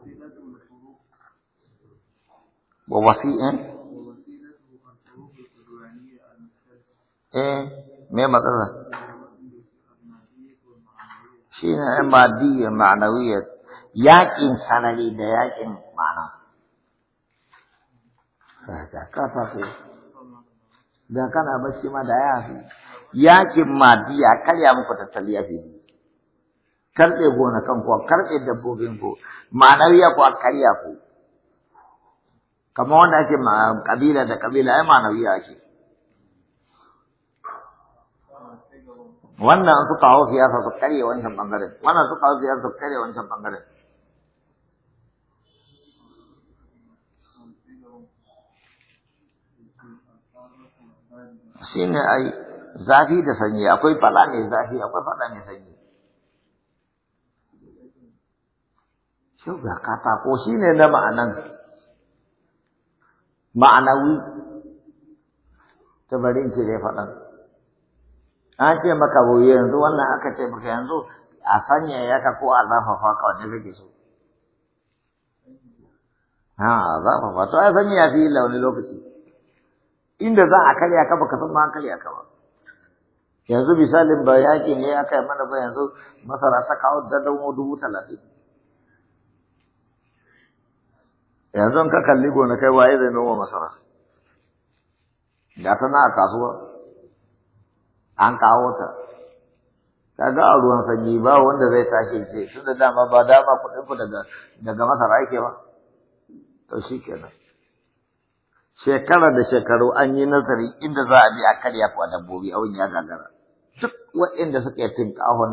ووسيلته الحروف ووسيلة ووسيلته الحروف السودانية المختلفة ايه ما مطلع شيء مادية معنوية يقين سنوي ده يقين معنى فهذا كفاك ده كان بس ما ده يافي yakin madiya karya muku tattali ya fi karɓe gonakan ku a karɓe dabbobin ku ma'anar ya ku a karya ku kamar wanda ake ma kabila da kabila ai ma'anawiya ake wannan suka hau siyasa su karye wancan bangaren wannan suka hau siyasa su karye wancan bangaren shi ne ai zafi da sanyi akwai fada mai zafi akwai fada mai sanyi Sau katako oh, shi ne na ma'anan, ma'anawi, ta bari ce dai faɗan. An ce maka wai yanzu wannan aka ce maka yanzu a sanya yaka ko a zafafa ka wani kake so. Ha, zafafa, to a sanya ya fi launi lokaci. Inda za a karya ka baka san ma an karya ka ba. Yanzu misalin ba yaƙi ne aka yi mana ba yanzu masara ta kawo da dubu talatin. yanzu ka kalli gona kai waye zai noma masara da tana a kasuwa an kawo ta kaga a ruwan sanyi ba wanda zai tashi ce su da dama ba dama kuɗin ku daga daga masara ake ba to shi kenan shekara da shekaru an yi nazari inda za a bi a karya ku a dabbobi a ya gagara duk waɗanda suka yi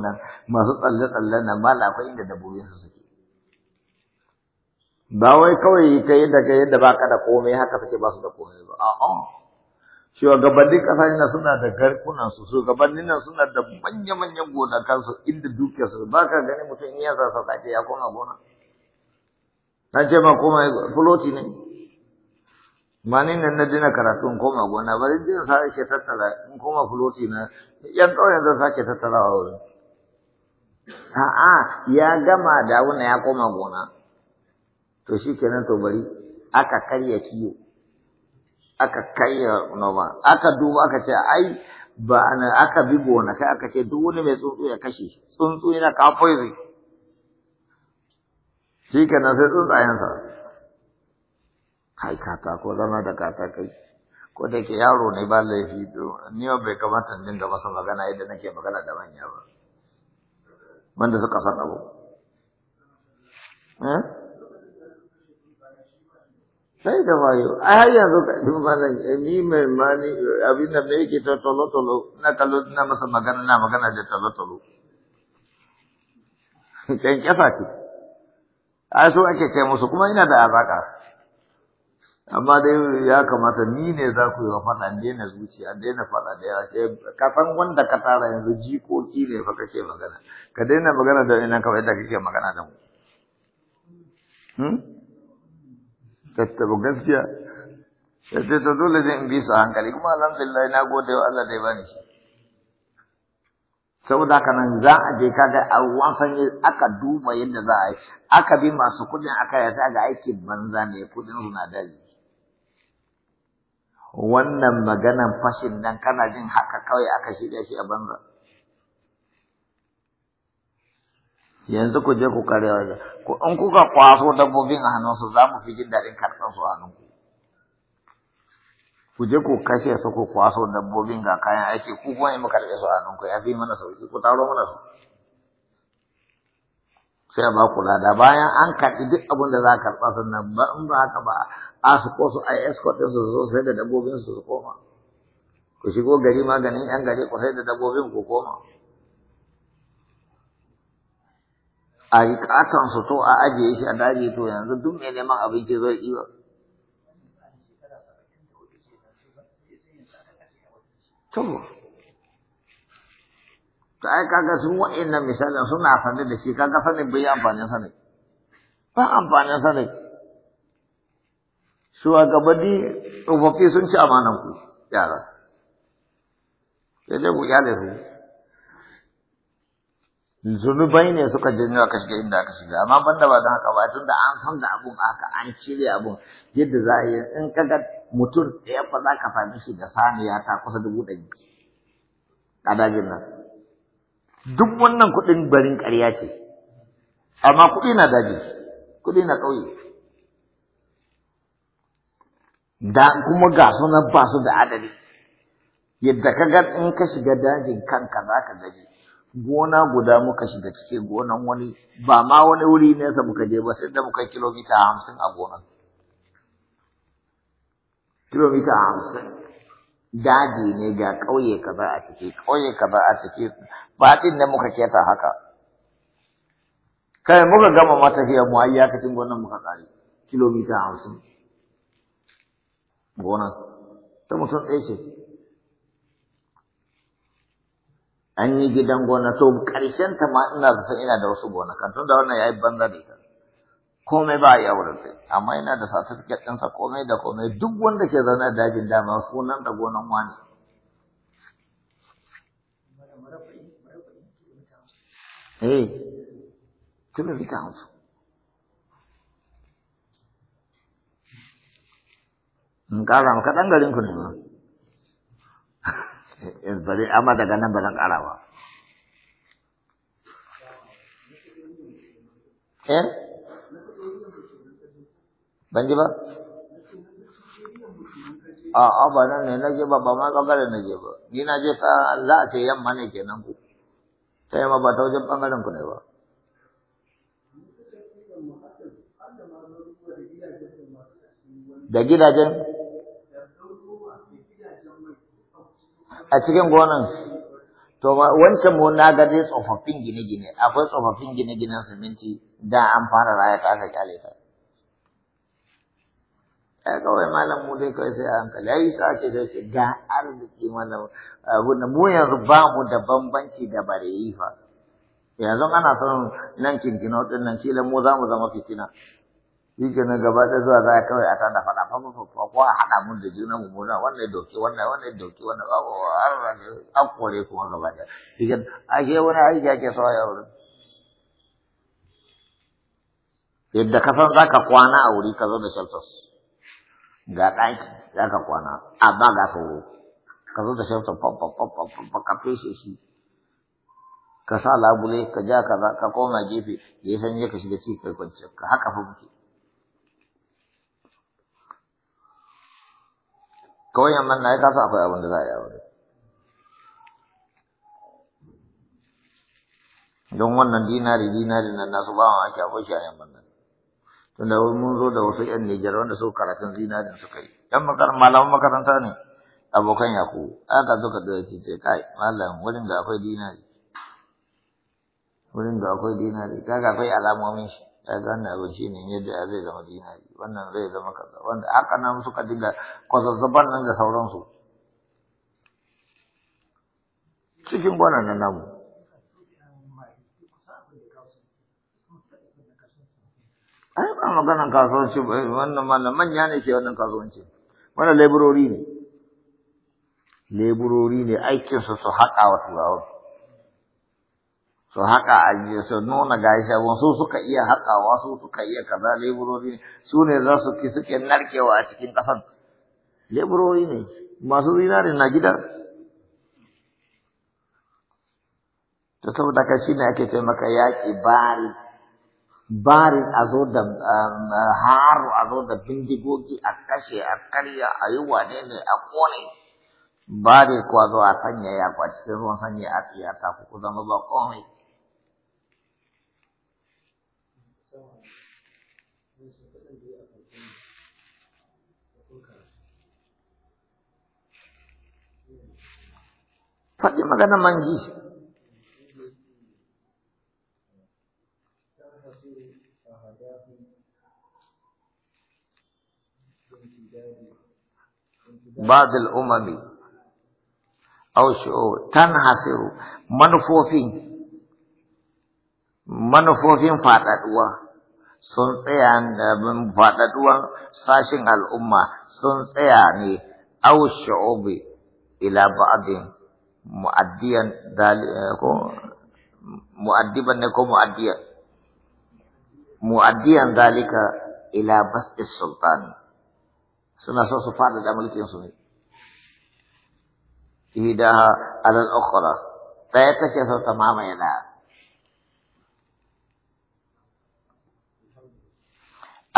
nan masu tsalle-tsalle nan malakwai inda dabbobin su suke ba wai kawai ka yi daga yadda baka da komai haka take ba su da komai ba a'a shugabannin kasa ne suna da garkunan su shugabannin nan suna da manya-manyan gonakan su inda dukiyar su ba ka gani mutum in ya sasa kace ya koma gona na ce ma koma fuloti ne Mani ne nan na dina karatun koma gona ba zai dina sa ke tattala in koma fuloti na yan ƙauyen zai sake tattala a wurin a'a ya gama da wannan ya koma gona to shi kenan to bari aka karya kiyo aka karya noma aka duba aka ce ai ba ana aka bi kai aka ce duk wani mai tsuntsu ya kashe tsuntsu yana kafoi zai shi kenan sai tsuntsayensa kai katako zama da katakai ko da ke yaro ne ba laifi ni bai kamata in dinga masa magana yadda nake magana da manya ba wanda suka san abu eh sai da wayo a har yanzu ka ni mai mani abin da mai tolo tolo na kallo na magana na magana da tolo tolo kan kafa ce a so ake kai musu kuma ina da azaka amma dai ya kamata ni ne za ku yi wa faɗa daina zuciya daina faɗa da yawa ce ka wanda ka tara yanzu jikoki ne kake magana ka daina magana da ina kawai da kake magana da mu hmm? tattaba gaskiya sai ta dole zai bi su hankali kuma alhamdulillah na gode wa Allah dai bani saboda haka nan za a je kaga a wasan aka duba yadda za a yi aka bi masu kudin aka yasa ga aikin banza ne kudin su na daji wannan maganan fashin nan kana jin haka kawai aka shirya shi a banza yanzu ku je ku kare waje in kuka kwaso dabbobin a hannunsu za mu fi jin daɗin karɓar su a hannunku ku je ku kashe su ku kwaso dabbobin ga kayan aiki ku kuma in mu karɓe su a hannunku ya fi mana sauki ku taro mana su sai a ba ku lada bayan an karɓi duk abin da za a karɓa sannan ba in ba haka ba a su ko su a escort su zo sai da dabbobin su su koma ku shigo gari maganin yan gari ku sai da dabbobin ku koma. a riƙatan su to a ajiye shi a daji to yanzu duk mai neman abinci zai iya to ta ai kaga sun wa'annan misalin suna sane da shi kaga sani bai amfanin sani ba amfanin sani di tsofaffi sun ci amanan ku yara sai dai ku iyalai su zunubai ne suka janyo aka shiga inda aka shiga amma banda ba don haka ba tun da an san da abun haka an cire abun yadda za a yi in ka ga mutum ɗaya fa za ka same shi da saniya ta kusa dubu ɗari a dajin nan duk wannan kuɗin barin ƙarya ce amma kuɗi na daji kuɗi na ƙauye da kuma ga sunan ba su da adadi yadda ka ga in ka shiga dajin kanka za ka gaji gona guda muka shiga cikin gonan wani ba ma wani wuri ne sa muka je ba sai da muka kilomita hamsin a gonan. Kilomita hamsin. Daji ne ga ƙauye za a ciki, ƙauye za a ciki, baɗin ne muka keta haka. Kai muka gama matafiya mu iyakacin gonan muka tsari, kilomita hamsin. Gonan, ta mutum ɗaya ce. an yi gidan gona to ƙarshen ta ma ina da san ina da wasu gonakan tun da wannan yayi banza da ita komai ba ya wurin sai amma ina da certificate ɗinsa komai da komai duk wanda ke zaune a dajin dama sunan da gonan wani eh ka hamsin in ƙara maka ɗan garin ku ne ma Eh, bari amma daga nan ba zan ƙara ba eh ban ji ba a a ba nan ne na je ba ba ma ɓangaren na je ba ni na je ta Allah ce yamma ne kenan ku ta yamma ba ta wajen ɓangaren ku ne ba da gidajen a cikin gonan To wancan mu na ga dai tsofaffin gine-gine, akwai tsofaffin gine-ginen siminti da an fara raya ta aka kyale ta. Ya kawai malam mu dai kawai sai an Ya ai sa ce dai ga arziki malam mu yanzu ba mu da bambanci da bareyi fa. Yanzu ana son nan kinkino din nan kila mu za mu zama fitina. shi na gaba ɗaya zuwa za a kawai a tana faɗa fafa fafa ko a haɗa mun da juna mu muna wannan ya doki wannan wannan ya doki wannan babu an kore kuma gaba ɗaya shi ke wani aiki ake so ya wurin yadda ka san za ka kwana a wuri ka zo da shelters ga ɗaki za ka kwana amma ga sauro ka zo da fa fa ka feshe shi ka sa labule ka ja ka koma gefe da ya sanye ka shiga ci kai kwanciyar ka haka fa muke kawai yang na ya kasa akwai abin saya za a yi aure don wannan dinari dinari nan nasu ba yang mana? akwai shi a dah nan tunda mun zo da wasu yan Nijar wanda suka karatun zinarin suka yi yan malaman makaranta ne abokan yaku aka suka da ce ce kai malam kau da akwai dinari wurin da akwai dinari kaga akwai alamomin shi ta gane abin shi ne yadda zai zama dinari wannan zai zama kaza wanda haka nan suka dinga kwazazzaban nan da sauransu cikin gwanan na namu ai ba maganan kasuwanci wannan mana manya ne ke wannan kasuwanci wannan leburori ne leburori ne aikinsu su haƙa wa turawa su haƙa ajiye su nuna gashi su suka iya haƙawa su suka iya kaza leburori su ne za su ki suke narkewa a cikin ƙasan leburori ne masu zinari na gida to saboda ka ne ake ce maka yaƙi bari bari a zo da um, haru a zo da bindigogi a kashe a karya a yi wane ne a kone Bari dai kuwa zo a sanya yakwa cikin ruwan sanya a tsiyata ku zama ba komai هذا نمانجي بعض الأمم أو شعور تنحسر منفوفين منفوفين فاتدوا سنسيان من فاتدوا ساشن الأمة سنسياني أو شعوبي إلى بعضين mu'addiyan eh, ko mu'addiban ne ko mu'addiyan mu'addiyan zalika ila bastis sultani suna so su fada da mulkin su ne ihdaha ala al-ukhra daya take so ta mamaye da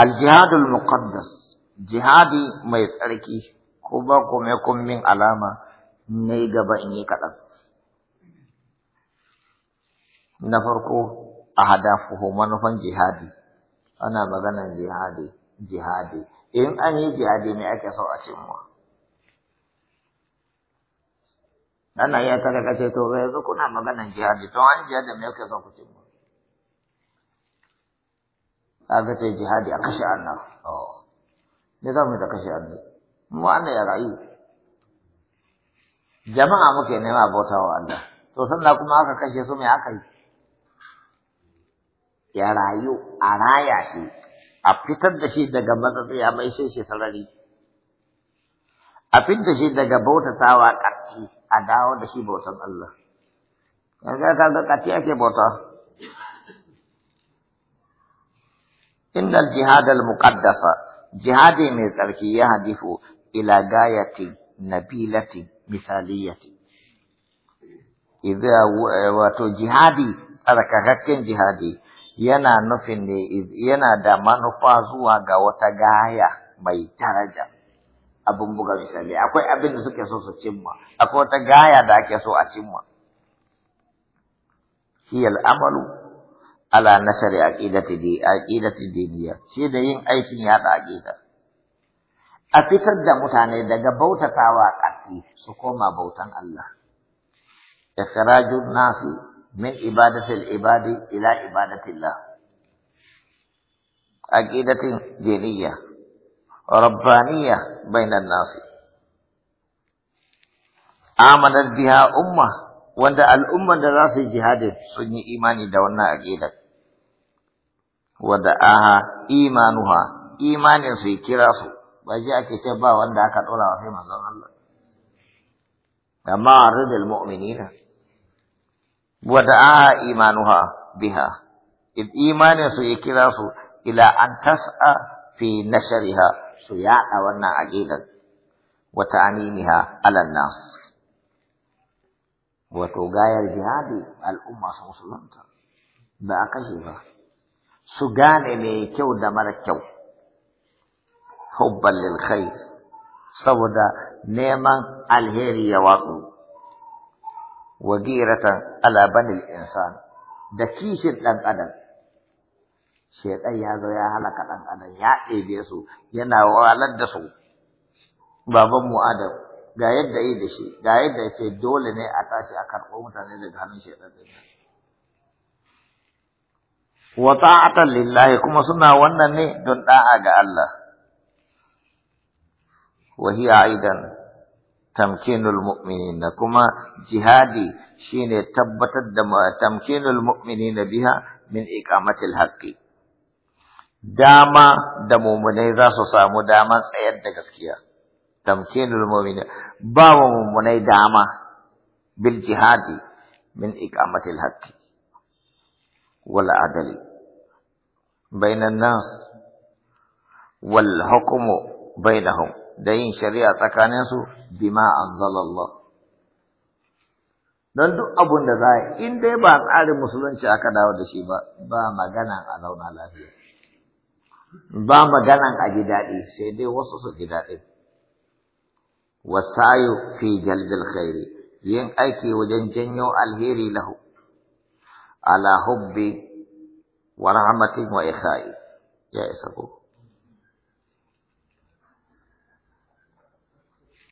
al-jihad al-muqaddas jihadi mai tsarki ko ba ko kun min alama na yi gaba in yi kaɗan. Na farko a hadafuhu manufan jihadi, ana maganan jihadi, jihadi. In an yi jihadi ne ake so a cimma. Ana iya kada kace to bai yanzu kuna maganan jihadi, to an jihadi me yake so ku cimma. ga ce jihadi a kashe Allah. Oh. ne za mu da kashe Allah? Mu an ya rayu. jama'a muke nema bautawa Allah to sannan kuma aka kashe su mai aka yi ya rayu a raya shi a fitar da shi daga matsatsiya mai sai shi sarari a fitar shi daga bautatawa ƙarfi a dawo da shi bautan Allah kaga ga ƙarfi ake bauta إن الجهاد jihadi mai tsarki ya hadifu ila غاية نبيلة misaliyati idza eh, wato jihadi tsarkakakken jihadi yana nufin ne yana da manufa zuwa ga wata gaya mai taraja, abin buga misali akwai abin da suke so su cimma akwai wata gaya da ake so a cimma shi al'amalu ala nasari aqidati di aqidati diniya shi da yin aikin yada aqidati a fitar da mutane daga bautatawa ƙarfi su koma bautan Allah. Ikhrajun nasi min ibadatil ibadi ila ibadatillah. Aqidatin diniya, rabbaniya bainan nasi. Amanar biha umma wanda al'umman da za su yi sun yi imani da wannan aqidar. Wada'aha imanuha imanin su kira su ba ji ake ce ba wanda aka ɗora wa sai manzon Allah amma ridal mu'minina wa da'a imanuha biha id imanin su ya kira su ila an tas'a fi nashriha su yaɗa wannan aqidar wa ta'animiha ala nas wato gayar jihadi al'umma su musulunta ba a kashe ba su gane mai kyau da mara kyau hubban lil khair saboda neman alheri ya watsu wa giratan ala banil insan da kishin dan adam shedan ya zo ya halaka dan adam ya ɗebe su yana walar da su baban mu adam ga yadda yi da shi ga yadda ya ce dole ne a tashi a karɓo mutane daga hannun shedan din wa ta'atan lillahi kuma suna wannan ne don da'a ga Allah وهي أيضا تمكين المؤمنين كما جهادي شين تبت الدم تمكين المؤمنين بها من إقامة الحق داما من إذا سوسام داما سيد دكسكيا تمكين المؤمنين باو من داما بالجهاد من إقامة الحق والعدل بين الناس والحكم بينهم da yin shari'a tsakaninsu bima anzalallah don duk abun da za a in dai ba tsarin musulunci aka dawo da shi ba ba magana a zauna lafiya ba magana a ji daɗi sai dai wasu su ji daɗi wasayu fi jalbil khairi yin aiki wajen janyo alheri lahu ala hubbi wa rahmatin wa ikhai ya isa